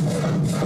Thank you.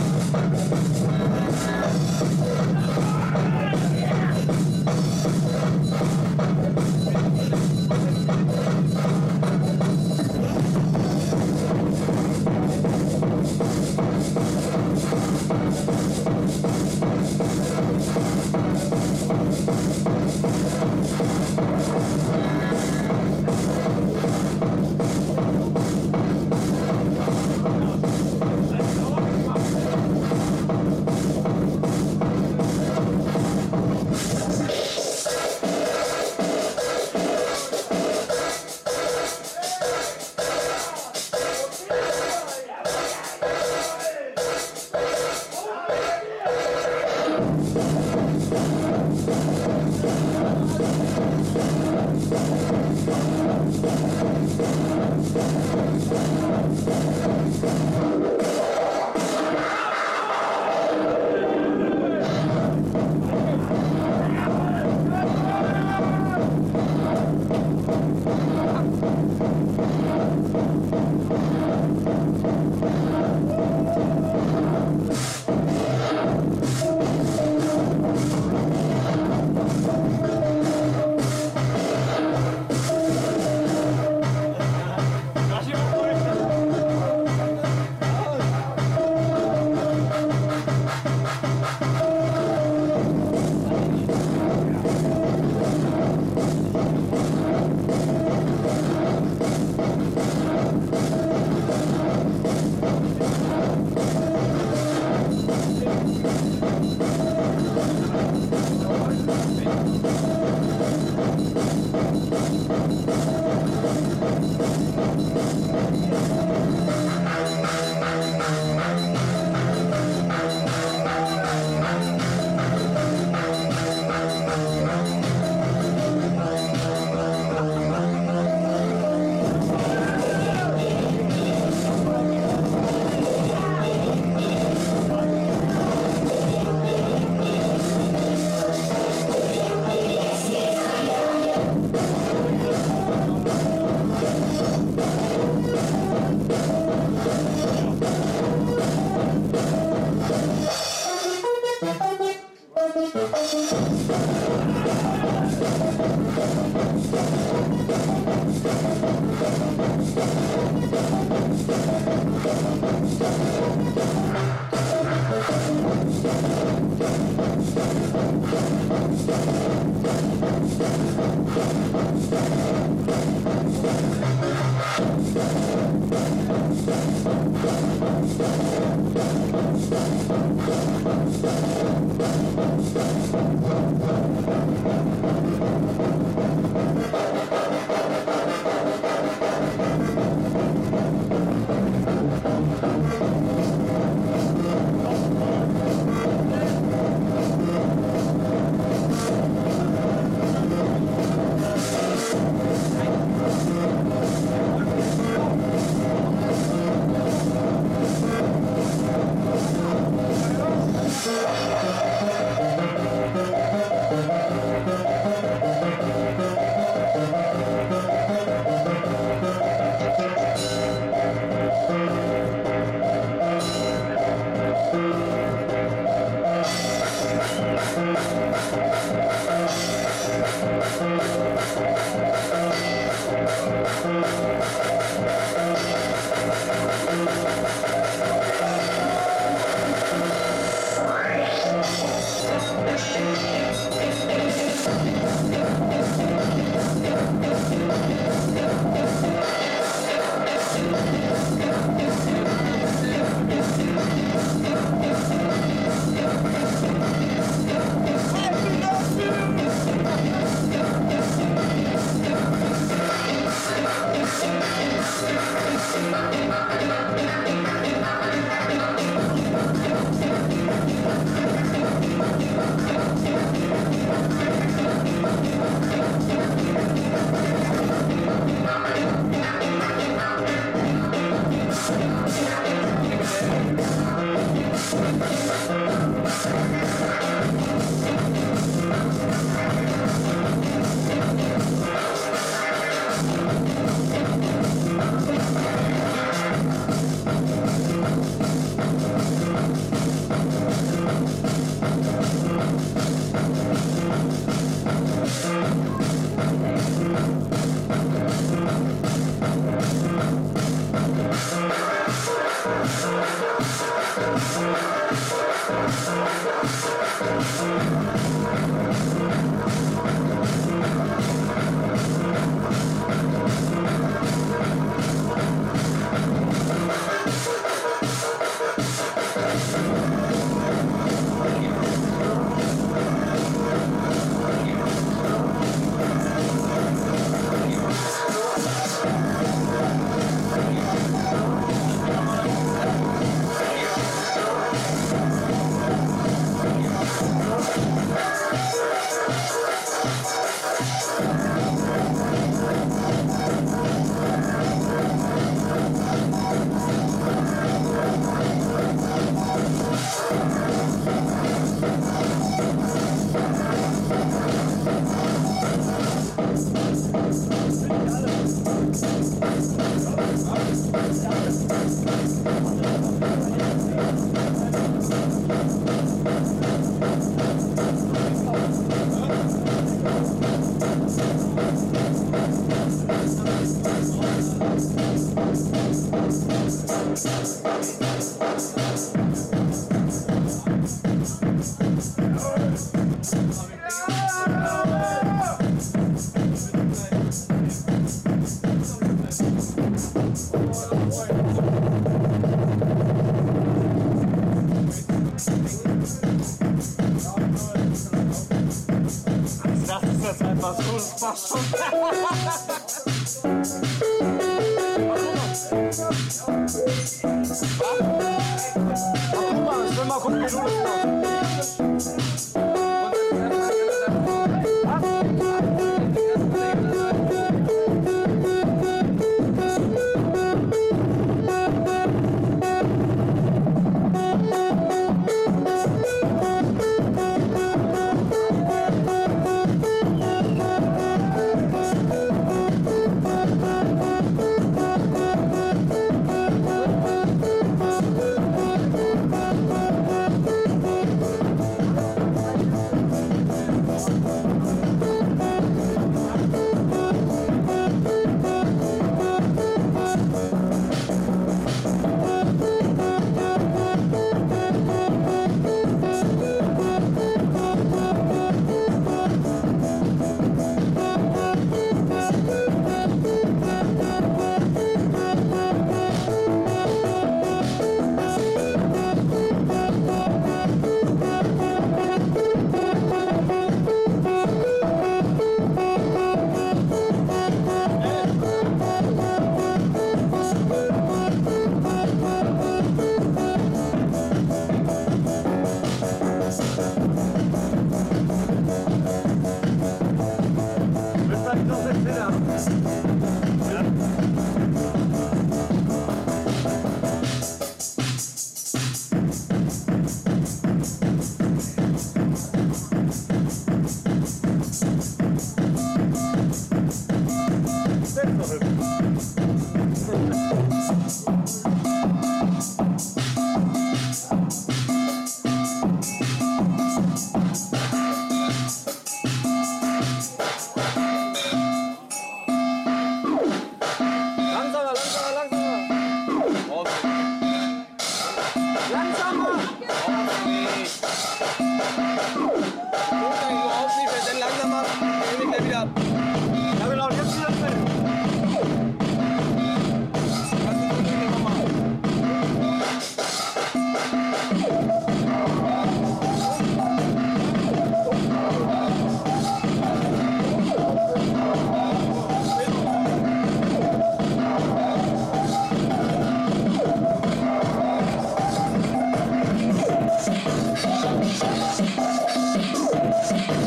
awesome.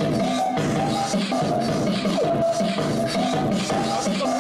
Let's go.